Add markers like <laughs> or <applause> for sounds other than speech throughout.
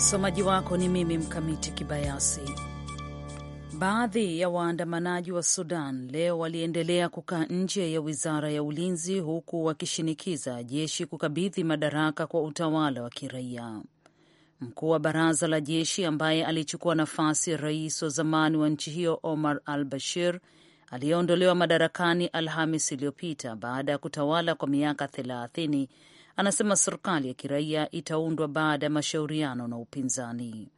Msomaji wako ni mimi Mkamiti Kibayasi. Baadhi ya waandamanaji wa Sudan leo waliendelea kukaa nje ya wizara ya ulinzi, huku wakishinikiza jeshi kukabidhi madaraka kwa utawala wa kiraia. Mkuu wa baraza la jeshi ambaye alichukua nafasi ya rais wa zamani wa nchi hiyo Omar al Bashir aliyeondolewa madarakani Alhamis iliyopita baada ya kutawala kwa miaka thelathini anasema serikali ya kiraia itaundwa baada ya mashauriano na upinzani.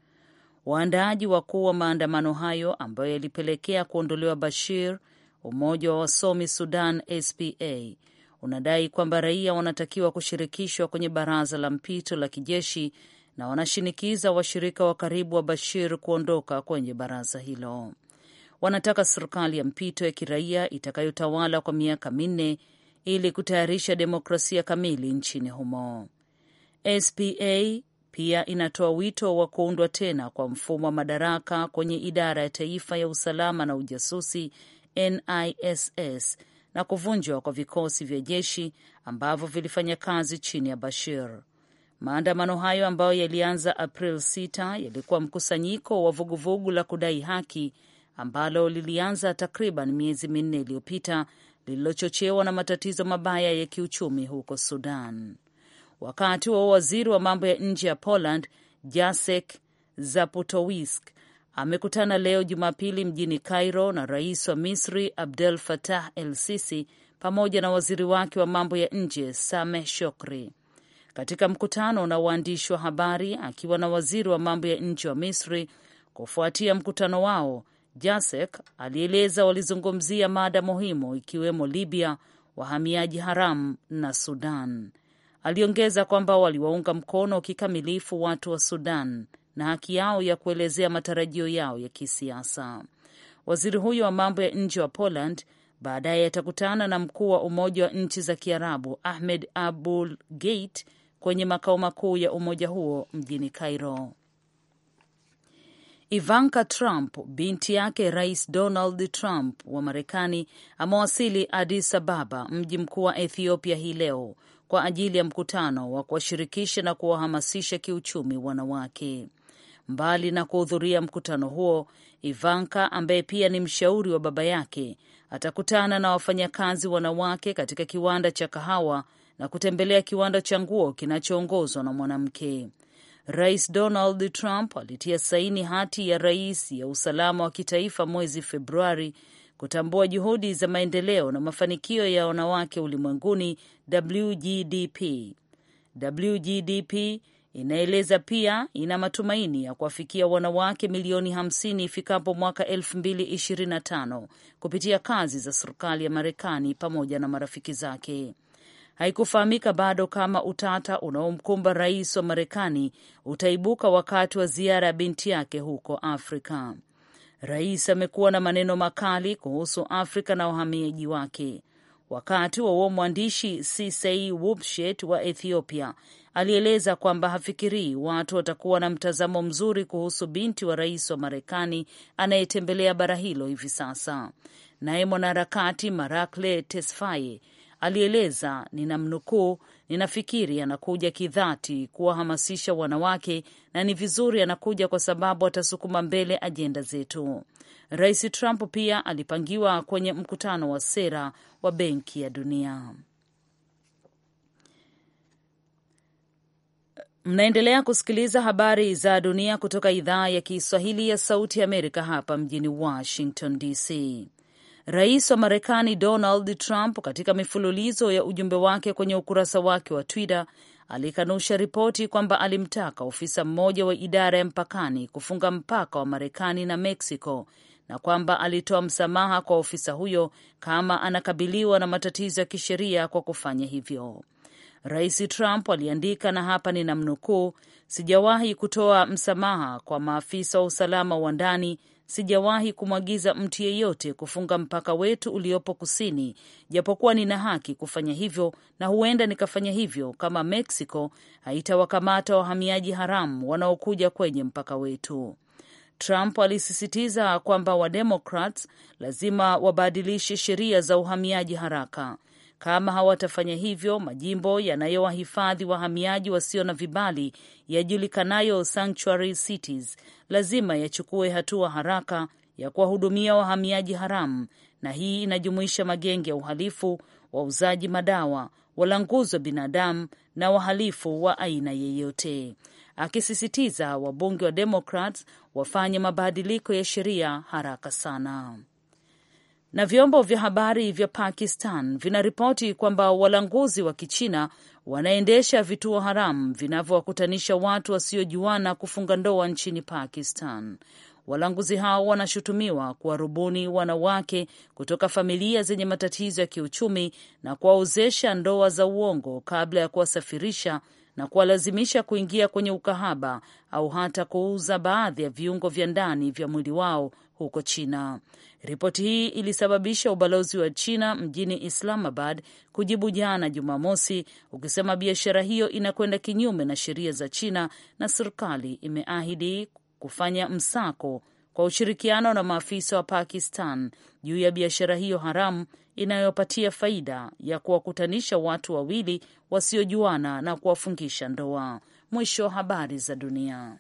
Waandaaji wakuu wa maandamano hayo ambayo yalipelekea kuondolewa Bashir, umoja wa wasomi Sudan SPA unadai kwamba raia wanatakiwa kushirikishwa kwenye baraza la mpito la kijeshi na wanashinikiza washirika wa karibu wa Bashir kuondoka kwenye baraza hilo. Wanataka serikali ya mpito ya kiraia itakayotawala kwa miaka minne ili kutayarisha demokrasia kamili nchini humo. SPA pia inatoa wito wa kuundwa tena kwa mfumo wa madaraka kwenye idara ya taifa ya usalama na ujasusi NISS na kuvunjwa kwa vikosi vya jeshi ambavyo vilifanya kazi chini ya Bashir. Maandamano hayo ambayo yalianza April 6 yalikuwa mkusanyiko wa vuguvugu la kudai haki ambalo lilianza takriban miezi minne iliyopita lililochochewa na matatizo mabaya ya kiuchumi huko Sudan. Wakati wa waziri wa mambo ya nje ya Poland Jacek Zaputowisk amekutana leo Jumapili mjini Cairo na rais wa Misri Abdel Fattah El Sisi pamoja na waziri wake wa mambo ya nje Sameh Shokri. Katika mkutano na waandishi wa habari akiwa na waziri wa mambo ya nje wa Misri kufuatia mkutano wao, Jasek alieleza walizungumzia mada muhimu ikiwemo Libya, wahamiaji haramu na Sudan. Aliongeza kwamba waliwaunga mkono kikamilifu watu wa Sudan na haki yao ya kuelezea matarajio yao ya kisiasa. Waziri huyo wa mambo ya nje wa Poland baadaye atakutana na mkuu wa Umoja wa Nchi za Kiarabu Ahmed Abul Gate kwenye makao makuu ya umoja huo mjini Cairo. Ivanka Trump, binti yake Rais Donald Trump wa Marekani, amewasili Addis Ababa, mji mkuu wa Ethiopia, hii leo kwa ajili ya mkutano wa kuwashirikisha na kuwahamasisha kiuchumi wanawake. Mbali na kuhudhuria mkutano huo, Ivanka ambaye pia ni mshauri wa baba yake atakutana na wafanyakazi wanawake katika kiwanda cha kahawa na kutembelea kiwanda cha nguo kinachoongozwa na mwanamke. Rais Donald Trump alitia saini hati ya rais ya usalama wa kitaifa mwezi Februari kutambua juhudi za maendeleo na mafanikio ya wanawake ulimwenguni WGDP. WGDP inaeleza pia ina matumaini ya kuwafikia wanawake milioni 50 ifikapo mwaka 2025 kupitia kazi za serikali ya Marekani pamoja na marafiki zake haikufahamika bado kama utata unaomkumba rais wa Marekani utaibuka wakati wa ziara ya binti yake huko Afrika. Rais amekuwa na maneno makali kuhusu Afrika na wahamiaji wake. Wakati wa huo mwandishi Sisei Wupshet wa Ethiopia alieleza kwamba hafikirii watu watakuwa na mtazamo mzuri kuhusu binti wa rais wa Marekani anayetembelea bara hilo hivi sasa. Naye mwanaharakati Marakle Tesfaye alieleza ninamnukuu, ninafikiri anakuja kidhati kuwahamasisha wanawake na ni vizuri anakuja kwa sababu atasukuma mbele ajenda zetu. Rais Trump pia alipangiwa kwenye mkutano wa sera wa Benki ya Dunia. Mnaendelea kusikiliza habari za dunia kutoka idhaa ya Kiswahili ya Sauti ya Amerika hapa mjini Washington DC. Rais wa Marekani Donald Trump katika mifululizo ya ujumbe wake kwenye ukurasa wake wa Twitter alikanusha ripoti kwamba alimtaka ofisa mmoja wa idara ya mpakani kufunga mpaka wa Marekani na Mexico na kwamba alitoa msamaha kwa ofisa huyo kama anakabiliwa na matatizo ya kisheria kwa kufanya hivyo. Rais Trump aliandika, na hapa ninamnukuu: sijawahi kutoa msamaha kwa maafisa wa usalama wa ndani Sijawahi kumwagiza mtu yeyote kufunga mpaka wetu uliopo kusini, japokuwa nina haki kufanya hivyo, na huenda nikafanya hivyo kama Mexico haitawakamata wahamiaji haramu wanaokuja kwenye mpaka wetu. Trump alisisitiza kwamba Wademokrats lazima wabadilishe sheria za uhamiaji haraka. Kama hawatafanya hivyo, majimbo yanayowahifadhi wahamiaji wasio na vibali yajulikanayo sanctuary cities lazima yachukue hatua haraka ya kuwahudumia wahamiaji haramu, na hii inajumuisha magenge ya uhalifu, wauzaji madawa, walanguzi wa binadamu na wahalifu wa aina yeyote, akisisitiza wabunge wa Democrats wafanye mabadiliko ya sheria haraka sana na vyombo vya habari vya Pakistan vinaripoti kwamba walanguzi wa Kichina wanaendesha vituo haramu vinavyowakutanisha watu wasiojuana kufunga ndoa nchini Pakistan. Walanguzi hao wanashutumiwa kuwarubuni wanawake kutoka familia zenye matatizo ya kiuchumi na kuwaozesha ndoa za uongo kabla ya kuwasafirisha na kuwalazimisha kuingia kwenye ukahaba au hata kuuza baadhi ya viungo vya ndani vya mwili wao huko China. Ripoti hii ilisababisha ubalozi wa China mjini Islamabad kujibu jana Jumamosi ukisema biashara hiyo inakwenda kinyume na sheria za China na serikali imeahidi kufanya msako kwa ushirikiano na maafisa wa Pakistan juu ya biashara hiyo haramu inayopatia faida ya kuwakutanisha watu wawili wasiojuana na kuwafungisha ndoa. Mwisho wa habari za dunia.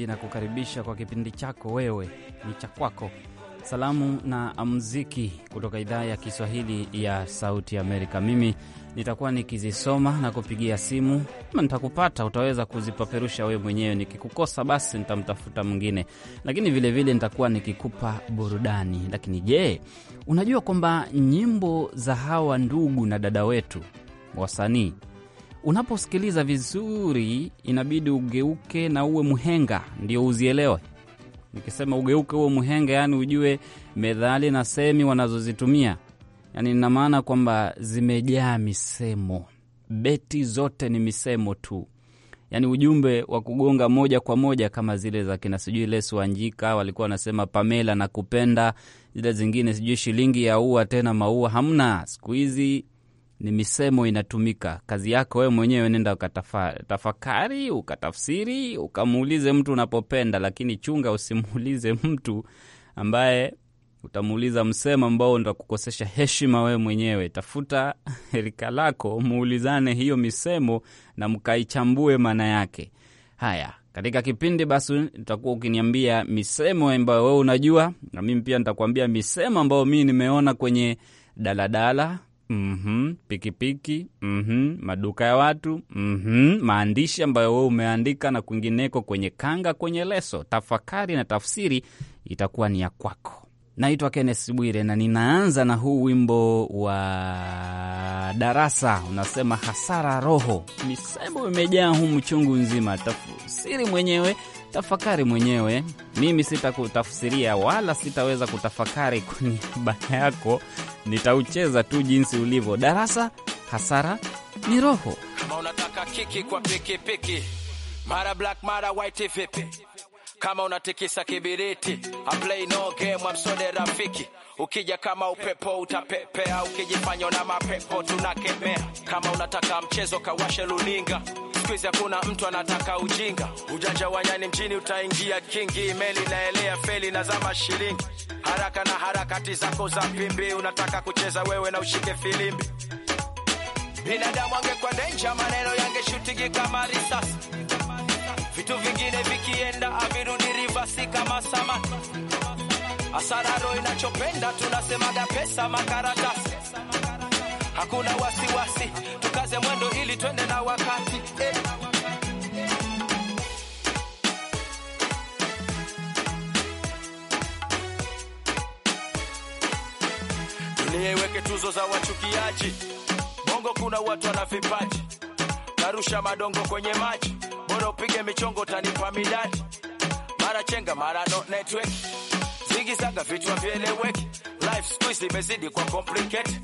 msikilizaji, na kukaribisha kwa kipindi chako wewe ni cha kwako, salamu na muziki kutoka idhaa ya Kiswahili ya Sauti Amerika. Mimi nitakuwa nikizisoma na kupigia simu, ama nitakupata, utaweza kuzipeperusha wewe mwenyewe. Nikikukosa basi nitamtafuta mwingine, lakini vilevile nitakuwa nikikupa burudani. Lakini je, unajua kwamba nyimbo za hawa ndugu na dada wetu wasanii unaposikiliza vizuri, inabidi ugeuke na uwe mhenga ndio uzielewe. Nikisema ugeuke uwe mhenga, yaani ujue methali na semi wanazozitumia, yani ina maana kwamba zimejaa misemo, beti zote ni misemo tu, yani ujumbe wa kugonga moja kwa moja, kama zile za kina sijui Lesu Wanjika walikuwa wanasema Pamela na kupenda, zile zingine sijui shilingi ya ua tena maua, hamna siku hizi ni misemo inatumika. Kazi yako wewe mwenyewe, nenda ukatafakari, ukatafsiri, ukamuulize mtu unapopenda, lakini chunga usimuulize <laughs> mtu ambaye utamuuliza msemo ambao utakukosesha heshima wewe mwenyewe. Tafuta <laughs> rika lako, muulizane hiyo misemo na mkaichambue maana yake. Haya, katika kipindi basi utakuwa ukiniambia misemo ambayo wewe unajua, na mimi pia nitakuambia misemo ambayo mimi nimeona kwenye daladala mm-hmm, pikipiki mm-hmm, maduka ya watu mm-hmm, maandishi ambayo wewe umeandika na kwingineko, kwenye kanga, kwenye leso. Tafakari na tafsiri itakuwa ni ya kwako. Naitwa Kennes Bwire na ninaanza na huu wimbo wa Darasa unasema hasara roho, misemo imejaa huu mchungu nzima, tafsiri mwenyewe tafakari mwenyewe. Mimi sitakutafsiria wala sitaweza kutafakari kwa niaba yako, nitaucheza tu jinsi ulivyo. Darasa hasara ni roho. Kama unataka kiki kwa pikipiki, mara black mara white, vipi? Kama unatikisa kibiriti, I play no game, amsode rafiki. Ukija kama upepo utapepea, ukijifanywa na mapepo tunakemea. Kama unataka mchezo, kawashe luninga siku hizi hakuna mtu anataka ujinga, ujanja wa nyani mjini utaingia kingi, meli naelea feli na zama shilingi, haraka na harakati zako za pimbi, unataka kucheza wewe na ushike filimbi. Binadamu angekuwa denja, maneno yangeshutigi kama risasi, vitu vingine vikienda avirudi rivasi kama samaki. Asararo inachopenda tunasemaga pesa makaratasi hakuna wasiwasi, tukaze mwendo ili twende na wakati eh. Dunia iweke tuzo za wachukiaji, bongo kuna watu wana vipaji, narusha madongo kwenye maji, bora upige michongo tanipa midati mara chenga mara no network zigizaga vitu havieleweki, life squeeze imezidi kwa complicate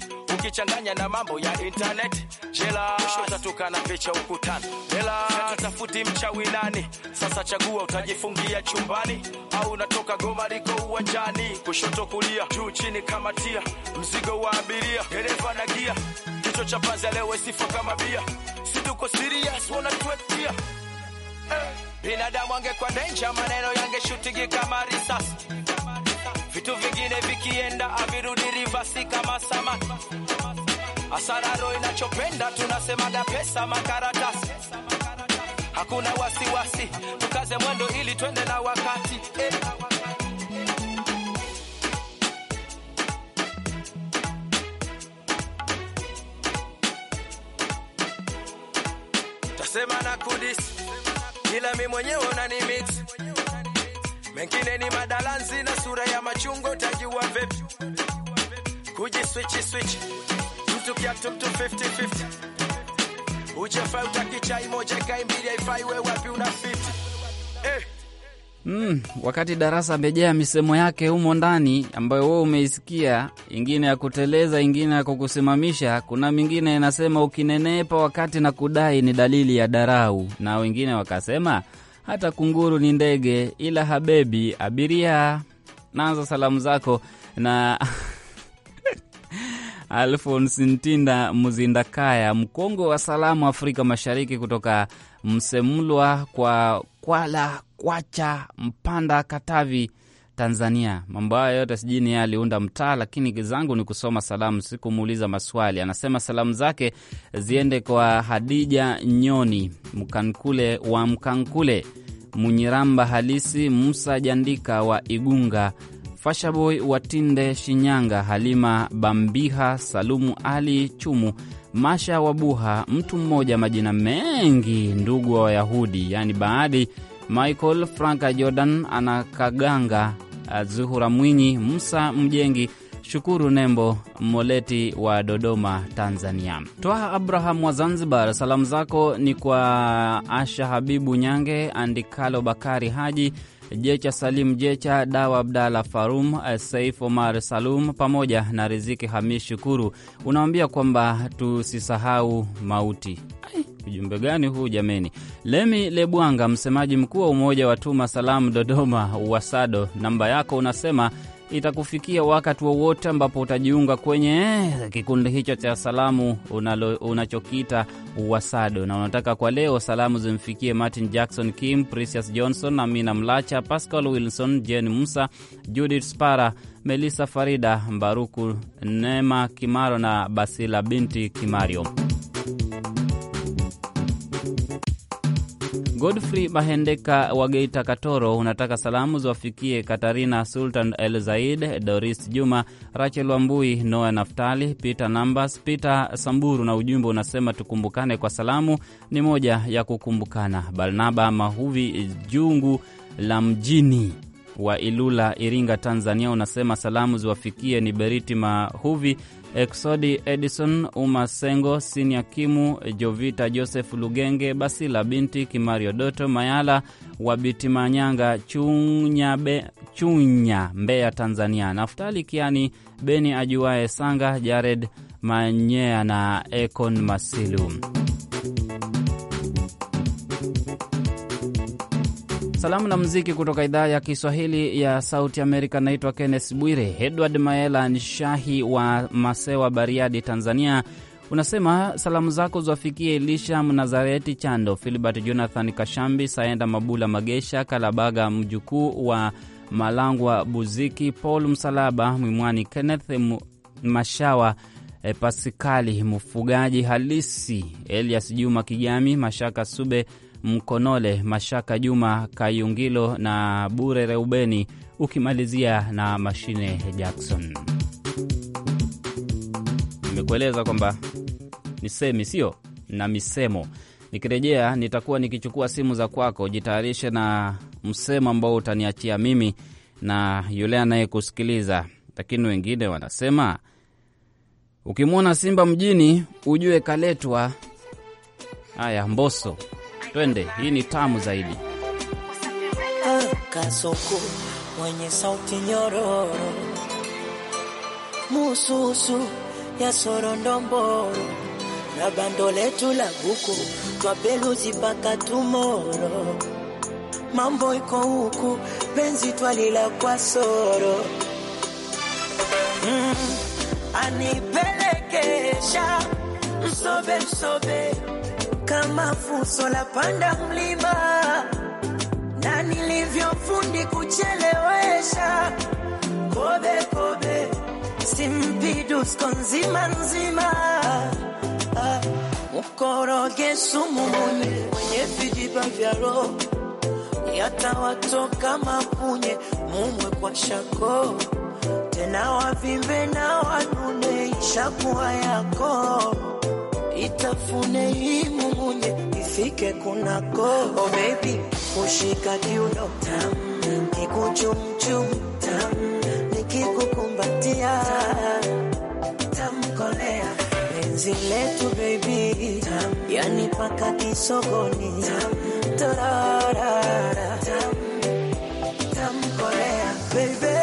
ukichanganya na mambo ya internet. Jela utatoka na picha ukutani, jela tutafuti mchawi nani? Sasa chagua, utajifungia chumbani au unatoka goma liko uwanjani, kushoto kulia, juu chini, kamatia mzigo wa abiria, dereva na gia, kicho cha panzi leo sifa kama bia, si tuko serious, wanatuetia binadamu angekuwa danger, maneno yangeshutingi kama risasi vitu vingine vikienda avirudi rivasi kama sama asararo inachopenda tunasema da pesa makaratasi hakuna wasiwasi tukaze mwendo ili twende na wakati eh. tasema na kudisi ila mi mwenyewe unanimix mengine ni madalanzi na sura ya machungo, utajua vipi kuji switch kujiswichi swichi tutupya tuptu 50-50 ujafai utaki chai moja kai mbili haifai, we wapi una 50 eh. Mm, wakati darasa amejaa misemo yake humo ndani ambayo wewe umeisikia, ingine ya kuteleza, ingine ya kukusimamisha. Kuna mingine inasema ukinenepa wakati na kudai ni dalili ya darau, na wengine wakasema hata kunguru ni ndege, ila habebi abiria. Naanza salamu zako na <laughs> Alfons Ntinda Muzindakaya, mkongwe wa salamu Afrika Mashariki, kutoka Msemlwa kwa Kwala Kwacha Mpanda Katavi Tanzania. Mambo hayo yote sijui ni aliunda mtaa, lakini zangu ni kusoma salamu, sikumuuliza maswali. Anasema salamu zake ziende kwa Hadija Nyoni Mkankule wa Mkankule, Munyiramba Halisi, Musa Jandika wa Igunga, Fashaboy Watinde Shinyanga, Halima Bambiha, Salumu Ali Chumu, Masha Wabuha, mtu mmoja, majina mengi, ndugu wa Wayahudi, yaani baadhi Michael Franka Jordan anakaganga Eh, Zuhura Mwinyi, Musa Mjengi, Shukuru Nembo Moleti wa Dodoma, Tanzania. Twaha Abraham wa Zanzibar, salamu zako ni kwa Asha Habibu Nyange, Andikalo Bakari Haji Jecha Salim Jecha, Dawa Abdala Farum, Saif Omar Salum pamoja na Riziki Hamis Shukuru, unawambia kwamba tusisahau mauti. Ujumbe gani huu jameni? Lemi Lebwanga, msemaji mkuu wa Umoja wa Tuma Salamu Dodoma, Wasado, namba yako unasema itakufikia wakati wowote ambapo utajiunga kwenye eh, kikundi hicho cha salamu unachokita Wasado, na unataka kwa leo salamu zimfikie Martin Jackson Kim, Precious Johnson, Amina Mlacha, Pascal Wilson, Jen Musa, Judith Spara, Melissa Farida, Mbaruku Nema Kimaro na Basila binti Kimario. Godfrey Mahendeka wa Geita Katoro, unataka salamu ziwafikie Katarina Sultan El Zaid, Doris Juma, Rachel Wambui, Noa Naftali, Peter Nambas, Peter Samburu, na ujumbe unasema tukumbukane kwa salamu ni moja ya kukumbukana. Barnaba Mahuvi Jungu la mjini wa Ilula, Iringa, Tanzania, unasema salamu ziwafikie ni Beriti Mahuvi Exodi Edison, Uma Sengo, Sinia Kimu, Jovita Joseph Lugenge, Basila Binti, Kimario Doto, Mayala wabiti Chunya, Chunya, Mbeya, Tanzania, Naftali Kiani, Beni Ajuae Sanga, Jared Manyea na Ekon Masilu. Salamu na mziki kutoka idhaa ya Kiswahili ya Sauti Amerika. Naitwa Kenneth Bwire. Edward Maela Nshahi wa Masewa, Bariadi, Tanzania, unasema salamu zako zafikie Elisha Mnazareti Chando, Filibert Jonathan Kashambi, Saenda Mabula Magesha, Kalabaga mjukuu wa Malangwa Buziki, Paul Msalaba Mwimwani, Kenneth Mashawa, eh, Pasikali mfugaji halisi, Elias Juma Kigami, Mashaka Sube Mkonole, Mashaka Juma Kayungilo na Bure Reubeni, ukimalizia na Mashine Jackson. Nimekueleza kwamba ni semi sio na misemo. Nikirejea nitakuwa nikichukua simu za kwako. Jitayarishe na msemo ambao utaniachia mimi na yule anayekusikiliza, lakini wengine wanasema ukimwona simba mjini ujue kaletwa. Haya, Mboso Twende, hii ni tamu zaidi. Kasoko mwenye sauti nyororo, mususu ya sorondomboro na bando letu la buku peluzi mpaka tumoro, mambo iko huku penzi twalila kwa soro mm, anipelekesha msobe msobe kama fuso la panda mlima, na nilivyofundi kuchelewesha kobe kobe, simpidu dusko nzima nzima, ah, mkoroge sumu mwenye vijiba vya roho yatawatoka mapunye, mumwe kwa shako tena wavimbe na wanune, ishakuwa yako itafune hii ifike kunako oh baby ushika kiuno tam kikuchumchum tam nikikukumbatia tamkolea penzi letu baby tam yani paka kisogoni tam tarara tam tamkolea baby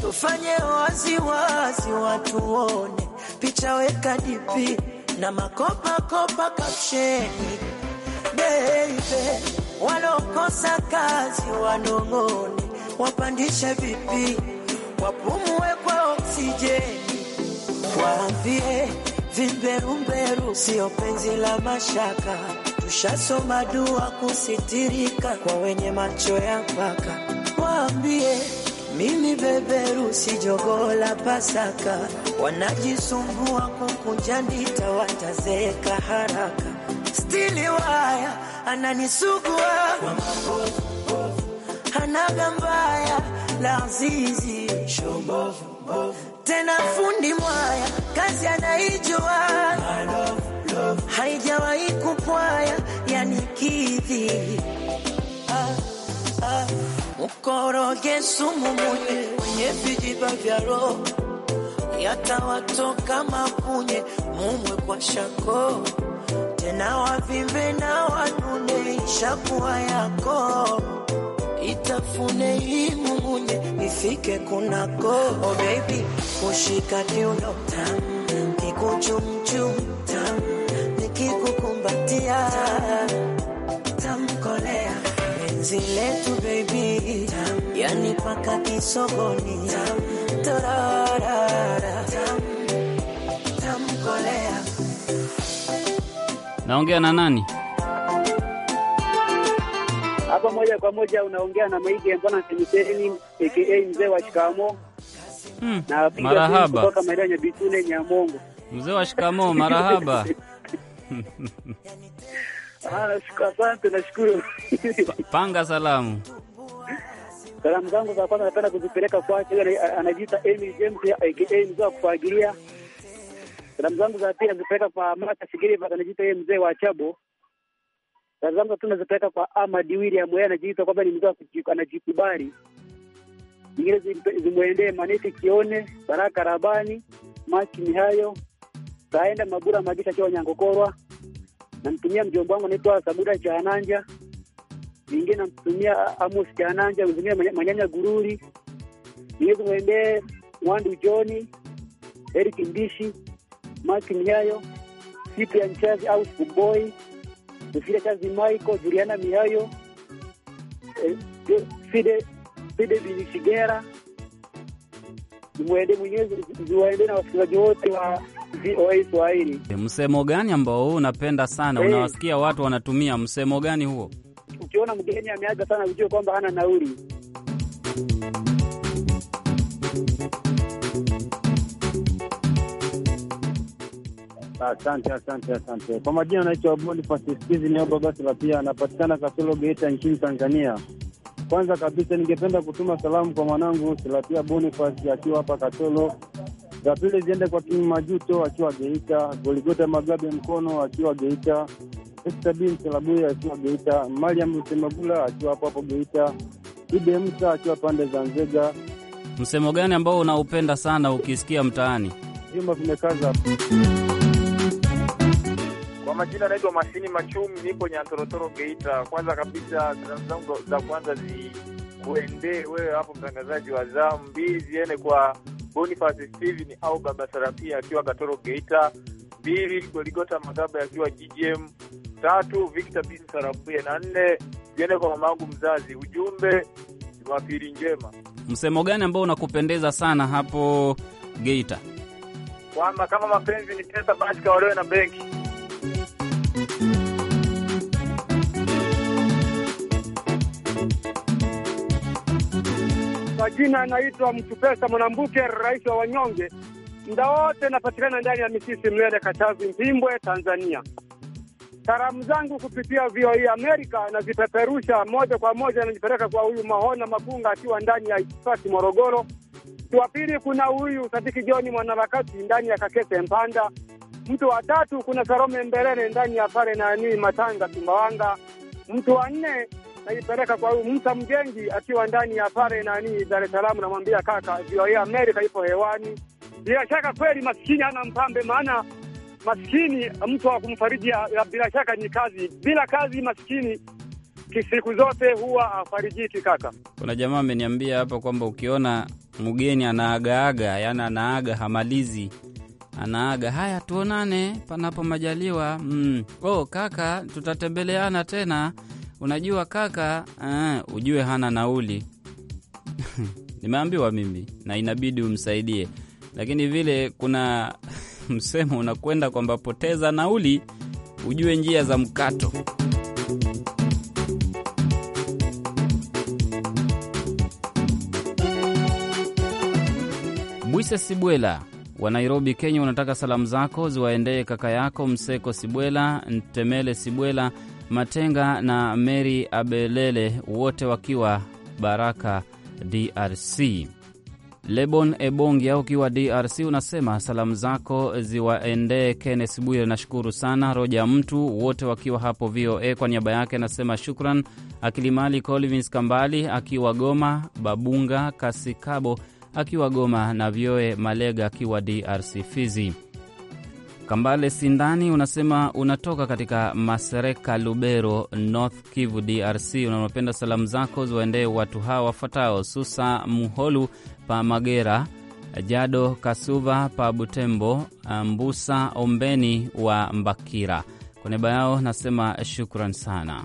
tufanye waziwazi watuone picha weka dipi na makopa kopa kapsheni baby, walokosa kazi wanongoni wapandishe vipi, wapumue kwa oksijeni, waambie vimberumberu sio penzi la mashaka, tushasoma dua kusitirika kwa wenye macho ya mpaka, waambie mimi beberu si jogola Pasaka, wanajisumbua kukunja, watazeka haraka. Stili waya ananisugua anaga mbaya la zizi tena, fundi mwaya kazi anaijua haijawahi kupwaya, yani kidhi mkoroge sumu munye kwenye vijiba vya roho yatawatoka mapunye mumwe kwa shako tena wavimbe na wanune ishakuwa yako itafune hii mungunye nifike kunako oh baby kushika kiuno tam kikuchumchum tam nikikukumbatia tamkolea Ziletu baby yani paka kisogoni tamkolea. Naongea na nani? Hapa moja kwa moja unaongea na Maige Mbona semiseni aka mzee wa shikamo. Hmm. Na marahaba kutoka maeneo ya Bitune Nyamongo. Mzee wa shikamo marahaba <laughs> Ah, asante, nashukuru. Panga salamu. Salamu zangu za kwanza napenda kuzipeleka kwake, anajiita Amy James aka mzee wa kufagilia. Salamu zangu za pili nazipeleka kwa Mata Sigiri, anajiita yeye mzee wa Achabo. Salamu zangu tu nazipeleka kwa Ahmad William, yeye anajiita kwamba ni mzee wa anajikubali. Nyingine zimwendee Maneti Kione, Baraka Rabani, Maki Mihayo, Kaenda Magura Magisha Kiwa Nyangokorwa namtumia mjomba wangu anaitwa Sabura chananja mwingine namtumia Amos chananja mwingine Manyanya Gururi, mwingine kumwendee wandu Joni, Eric Mbishi, Maki Mihayo, Cyprian Chazi au Sukuboi, Sufira Chazi, Michael Juliana Mihayo, eh, Fide Fide Bilishigera, mwende mwenyezi ziwaende na wasikilizaji wote wa VOA Swahili. Msemo gani ambao unapenda sana hey? Unawasikia watu wanatumia msemo gani huo? Ukiona mgeni ameaga sana, ujue kwamba hana nauli. Asante, asante, asante. Kwa majina anaitwa Bonifasi Skizi Nioba Basila, pia anapatikana Kasolo Geita nchini Tanzania. Kwanza kabisa ningependa kutuma salamu kwa mwanangu Silatia Bonifasi akiwa hapa Katolo ya pili ziende kwa timu Majuto akiwa Geita, Goligota Magabe Mkono akiwa Geita, Esther bin Salabuya akiwa Geita, Mariam Rutemagula akiwa hapo hapo Geita, Ibe akiwa pande za Nzega. Msemo gani ambao unaupenda sana ukisikia mtaani? Vyumba vimekaza. Kwa majina naitwa masini Machumi, nipo Nyantorotoro Geita. Kwanza kabisa salamu zangu za kwanza zikuendee wewe hapo mtangazaji wa zamu, mbili ziende kwa Boniface Steven au Baba Sarapia akiwa Katoro Geita, mbili Goligota Magaba akiwa GGM, tatu Victor Bin Sarapia na nne jene kwa mamangu mzazi. Ujumbe Jumapili njema. Msemo gani ambao unakupendeza sana hapo Geita? Kwamba kama mapenzi ni pesa, basi kaolewe na benki. majina jina anaitwa Mtupesa Mwanambuke, rais wa wanyonge. Mda wote napatikana ndani ya Misisi, Mlele, Katavi, Mpimbwe, Tanzania. Salamu zangu kupitia VOA e Amerika nazipeperusha moja kwa moja, najipeleka kwa huyu Mahona Makunga akiwa ndani ya Isipati, Morogoro. Wa pili kuna huyu Sadiki Joni mwanaharakati ndani ya Kakese, Mpanda. Mtu wa tatu kuna sarome Mberene ndani ya pale nanii Matanga, Sumbawanga. Mtu wa nne naipeleka kwa huyu Musa Mjengi akiwa ndani ya pale nani Dar es Salaam, namwambia kaka, VOA America ipo hewani. Bila shaka kweli maskini ana mpambe, maana maskini mtu wa kumfariji bila shaka ni kazi. Bila kazi maskini siku zote huwa afarijiki. Kaka, kuna jamaa ameniambia hapa kwamba ukiona mgeni anaagaaga, yani anaaga hamalizi anaaga haya, tuonane panapo majaliwa. Mm. Oh, kaka, tutatembeleana tena unajua kaka, uh, ujue hana nauli <laughs> nimeambiwa mimi na inabidi umsaidie, lakini vile kuna <laughs> msemo unakwenda kwamba poteza nauli ujue njia za mkato. Bwise Sibwela wa Nairobi, Kenya, unataka salamu zako ziwaendee kaka yako Mseko Sibwela, Ntemele Sibwela Matenga na Mary Abelele, wote wakiwa Baraka, DRC. Lebon Ebongia ukiwa DRC unasema salamu zako ziwaendee Kennes Bwire, nashukuru sana Roja Mtu, wote wakiwa hapo VOA. Kwa niaba yake anasema shukran. Akilimali Colvins Kambali akiwa Goma, Babunga Kasikabo akiwa Goma na Vyoe Malega akiwa DRC Fizi. Kambale Sindani unasema unatoka katika Masereka, Lubero, North Kivu, DRC. unaopenda salamu zako ziwaendee watu hawa wafuatao: Susa Muholu pa Magera, Jado Kasuva pa Butembo, Mbusa Ombeni wa Mbakira. Kwa niaba yao nasema shukran sana.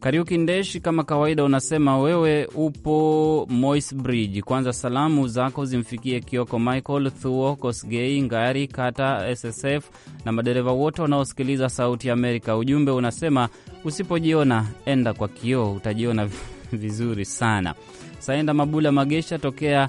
Kariuki Ndeshi, kama kawaida, unasema wewe upo Moi's Bridge. Kwanza salamu zako zimfikie Kioko Michael Thuo, Kosgei Ngari Kata, SSF na madereva wote wanaosikiliza Sauti ya Amerika. Ujumbe unasema usipojiona enda kwa kioo utajiona <laughs> vizuri sana. Saenda Mabula Magesha tokea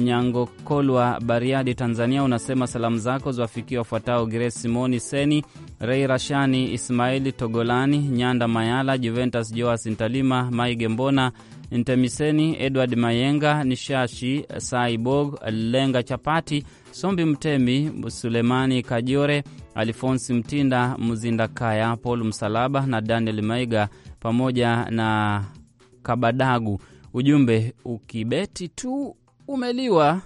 Nyangokolwa, Bariadi, Tanzania, unasema salamu zako ziwafikia wafuatao: Grace Simoni, Seni Rei, Rashani Ismaili, Togolani Nyanda, Mayala Juventus, Joas Ntalima, Maige Mbona, Ntemiseni Edward Mayenga, Nishashi Saibog, Lenga Chapati, Sombi Mtemi, Sulemani Kajore, Alfonsi Mtinda, mzinda kaya Paul Msalaba na Daniel Maiga pamoja na Kabadagu. Ujumbe, ukibeti tu umeliwa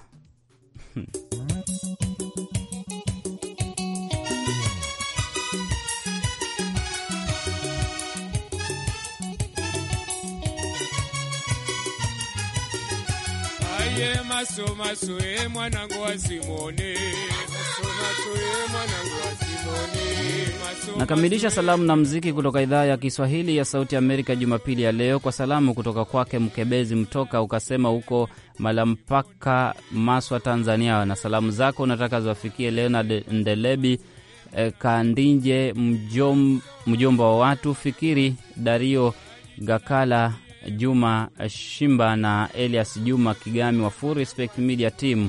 aye maso maso e eh, mwanangu wa simoni Nakamilisha salamu na mziki kutoka idhaa ya Kiswahili ya Sauti Amerika Jumapili ya leo kwa salamu kutoka kwake Mkebezi Mtoka, ukasema huko Malampaka, Maswa, Tanzania, na salamu zako unataka ziwafikie Leonard Ndelebi eh, Kandinje, mjom, mjomba wa watu Fikiri, Dario Gakala, Juma Shimba na Elias Juma Kigami wa Full Respect Media Team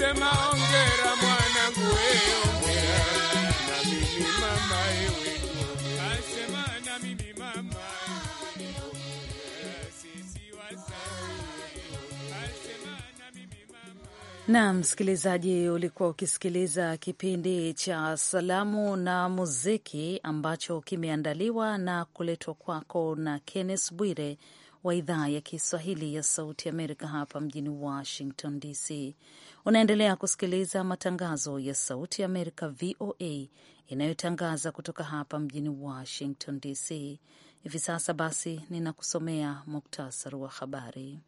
Sema ongera mwanangu, na na msikilizaji, ulikuwa ukisikiliza kipindi cha salamu na muziki ambacho kimeandaliwa na kuletwa kwako na Kenneth Bwire wa idhaa ya Kiswahili ya Sauti Amerika hapa mjini Washington DC. Unaendelea kusikiliza matangazo ya Sauti Amerika VOA inayotangaza kutoka hapa mjini Washington DC hivi sasa. Basi ninakusomea muktasari wa habari.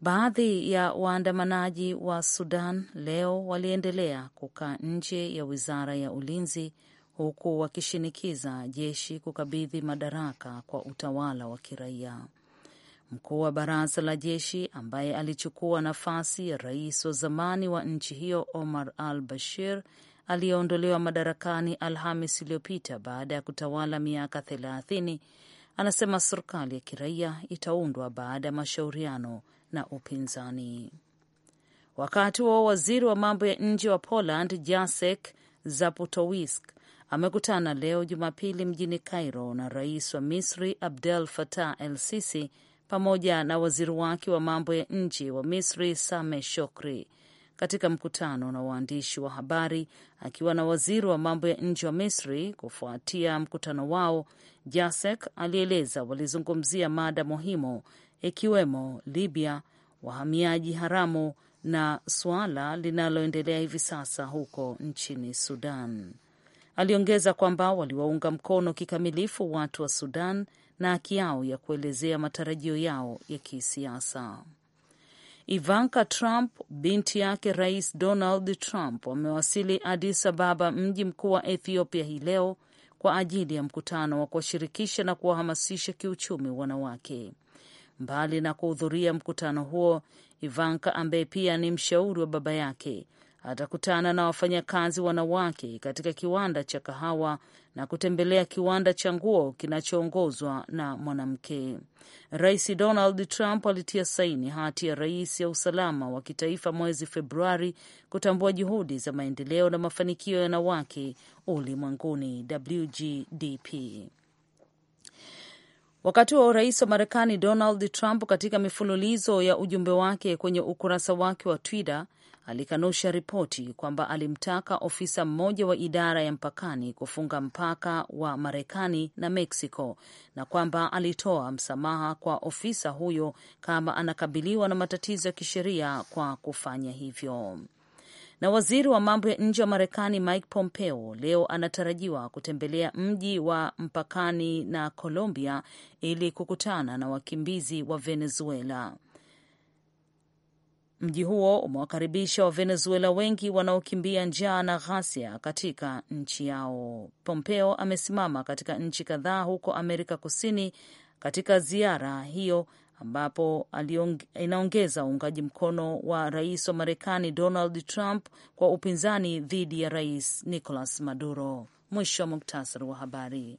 Baadhi ya waandamanaji wa Sudan leo waliendelea kukaa nje ya wizara ya ulinzi huku wakishinikiza jeshi kukabidhi madaraka kwa utawala wa kiraia. Mkuu wa baraza la jeshi ambaye alichukua nafasi ya rais wa zamani wa nchi hiyo Omar al Bashir aliyeondolewa madarakani Alhamis iliyopita baada ya kutawala miaka thelathini anasema serikali ya kiraia itaundwa baada ya mashauriano na upinzani. Wakati huo waziri wa mambo ya nje wa Poland Jacek Zaputowisk amekutana leo Jumapili mjini Cairo na rais wa Misri Abdel Fattah El Sisi pamoja na waziri wake wa mambo ya nje wa Misri Sameh Shokri. Katika mkutano na waandishi wa habari akiwa na waziri wa mambo ya nje wa Misri kufuatia mkutano wao, Jasek alieleza walizungumzia mada muhimu ikiwemo Libya, wahamiaji haramu na suala linaloendelea hivi sasa huko nchini Sudan. Aliongeza kwamba waliwaunga mkono kikamilifu watu wa Sudan na haki yao ya kuelezea matarajio yao ya kisiasa. Ivanka Trump, binti yake Rais Donald Trump, wamewasili Addis Ababa, mji mkuu wa Ethiopia, hii leo kwa ajili ya mkutano wa kuwashirikisha na kuwahamasisha kiuchumi wanawake. Mbali na kuhudhuria mkutano huo, Ivanka ambaye pia ni mshauri wa baba yake atakutana na wafanyakazi wanawake katika kiwanda cha kahawa na kutembelea kiwanda cha nguo kinachoongozwa na mwanamke. Rais Donald Trump alitia saini hati ya rais ya usalama wa kitaifa mwezi Februari kutambua juhudi za maendeleo na mafanikio ya wanawake ulimwenguni, WGDP. Wakati wa urais wa Marekani, Donald Trump katika mifululizo ya ujumbe wake kwenye ukurasa wake wa Twitter alikanusha ripoti kwamba alimtaka ofisa mmoja wa idara ya mpakani kufunga mpaka wa Marekani na Meksiko na kwamba alitoa msamaha kwa ofisa huyo kama anakabiliwa na matatizo ya kisheria kwa kufanya hivyo. Na waziri wa mambo ya nje wa Marekani Mike Pompeo leo anatarajiwa kutembelea mji wa mpakani na Colombia ili kukutana na wakimbizi wa Venezuela. Mji huo umewakaribisha Wavenezuela wengi wanaokimbia njaa na ghasia katika nchi yao. Pompeo amesimama katika nchi kadhaa huko Amerika Kusini katika ziara hiyo ambapo inaongeza uungaji mkono wa rais wa Marekani Donald Trump kwa upinzani dhidi ya rais Nicolas Maduro. Mwisho wa muktasari wa habari.